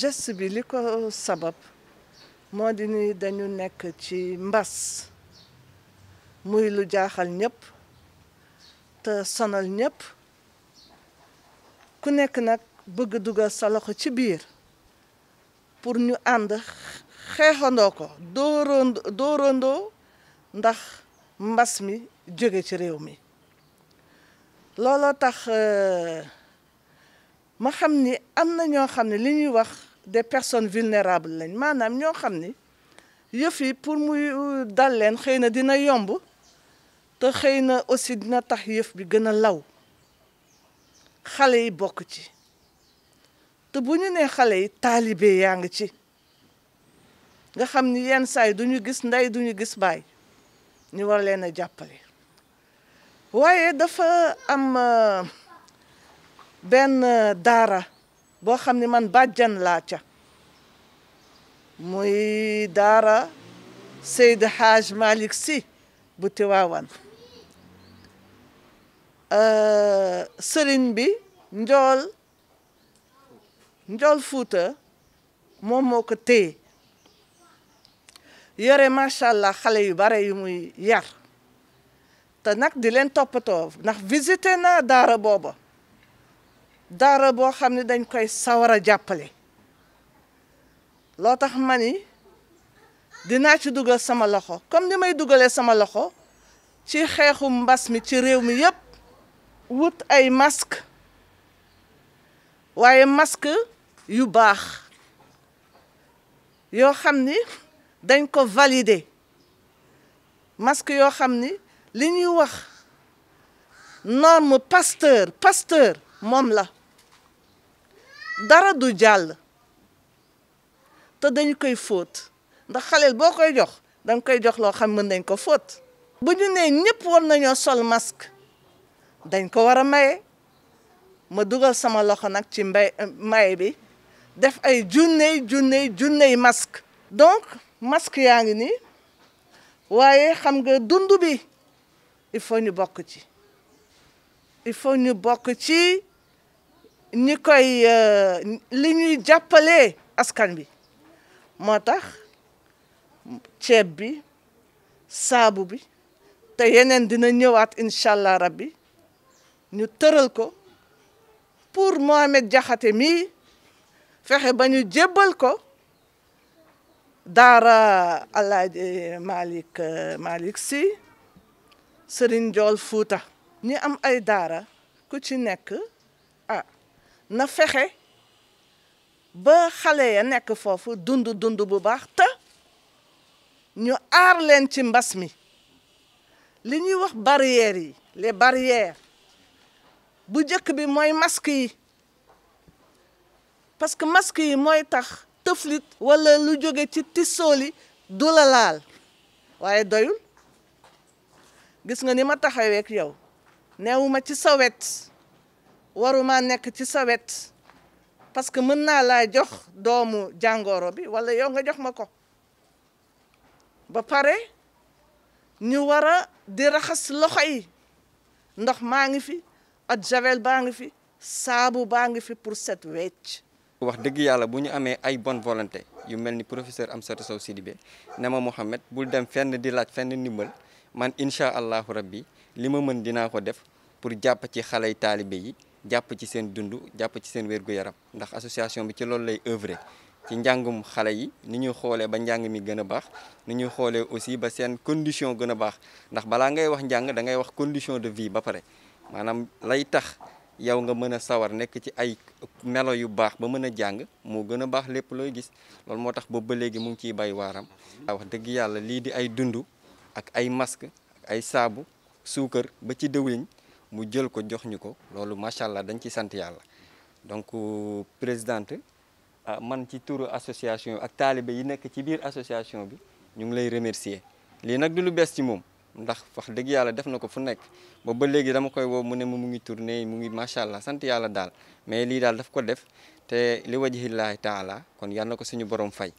geste bi li ko sabab moo di ni dañu nekk ci mbas muy lu jaaxal ñëpp te sonal ñëpp ku nekk nag bëgg dugal sa loxo ci biir pour ñu ànd xeexandoo ko dóorandoo ndax mbas mi jóge ci réew mi looloo tax euh, ma xam ni am na ñoo xam ne li ñuy wax de personnes vulnérables lañ maanaam ñoo xam ni yëf yi pour muy euh, dal leen xëy na dina yomb te xëy na aussi dina tax yëf bi gën a law xale yi bokk ci te bu ñu nee xale yi taalibe yaa ngi ci nga xam ni yenn saay du ñu gis ndey du ñu gis baay ñu war leen a jàppale waaye dafa am euh, benn euh, daara bo xamni man badjan la ca muy dara seyd haj malik si bu tiwawan euh serigne bi ndol ndol fouta mom moko te yere machallah xale yu bare yu muy yar te nak di len topato ndax visiter na dara bobo daara boo xam ne dañ koy sawar a jàppale loo tax mani ni dinaa ci dugal sama loxo comme ni may dugalee sama loxo ci xeexu mbas mi ci réew mi yépp wut ay masque waaye mask yu baax yoo xam ni dañ ko valider masque yoo xam ni li ñuy wax norme Pasteur Pasteur moom la dara du jàll te dañu koy fóot ndax xaleel boo koy jox danga koy jox loo xam mën nañ ko fóot bu ñu nee ñëpp war nañoo sol mask dañ ko war a maye ma dugal sama loxo nag ci maye bi def ay junney junney junney masque donc masque yaa ngi ni waaye xam nga dund bi il faut ñu bokk ci il faut ñu bokk ci ñi koy euh, li ñuy jàppalee askan bi moo tax ceeb bi saabu bi te yeneen dina ñëwaat incha allah rabbi ñu tëral ko pour Mohamed Diakhaté mii fexe ba ñu jébbal ko daara Alaaji Malick euh, Malick Sy Serigne Ndiol Fouta ñi am ay daara ku ci nekk ah na fexe ba xale ya nekk foofu dund dund bu baax te ñu aar leen ci mbas mi li ñuy wax barrières yi les barrières bu jëkk bi mooy masque yi parce que masque yi mooy tax tëflit wala lu jóge ci tissooli du la laal waaye doyul gis nga ni ma taxawee ak yow neewuma ci sa wet waruma nekk ci sa wet parce que mën naa laa jox doomu jàngooro bi wala yow nga jox ma ko ba pare ñu war a di raxas loxo yi ndox maa ngi fi at javel baa ngi fi saabu baa ngi fi pour set wecc wax dëgg yàlla bu ñu amee ay bon volonté yu mel ni professeur Amsatou Sow Sidibé ne ma Mouhamed bul dem fenn di laaj fenn ndimbal man incha allahu rabbi li ma mën dinaa ko def pour jàpp ci xale yi taalibe yi jàpp ci seen dund jàpp ci seen wér-gu-yaram ndax association bi ci loolu lay œuvrer ci njàngum xale yi ni ñuy xoolee ba njàng mi gën a baax ni ñuy xoolee aussi ba seen condition gën a baax ndax balaa ngay wax njàng da ngay wax condition de vie ba pare maanaam lay tax yow nga mën a sawar nekk ci ay melo yu baax ba mën a jàng moo gën a baax lépp looy gis loolu moo tax boobu ba léegi mu ngi ciy bay waaram wax dëgg yàlla lii di ay dund ak ay masque ay saabu suukar ba ci dëwliñ mu jël ko jox ñu ko loolu macha allah dañ ci sant yàlla donc euh, présidente ah, man ci turu association ak taalibe yi nekk ci biir association bi ñu ngi lay remercier lii nag du lu bees ci moom ndax wax dëgg yàlla def na ko fu nekk ba ba léegi dama koy woow mu ne ma mu ngi tourné mu ngi macha allah sant yàlla daal mais lii daal daf ko def te li wajhillaahi taala kon yal na ko suñu borom fay.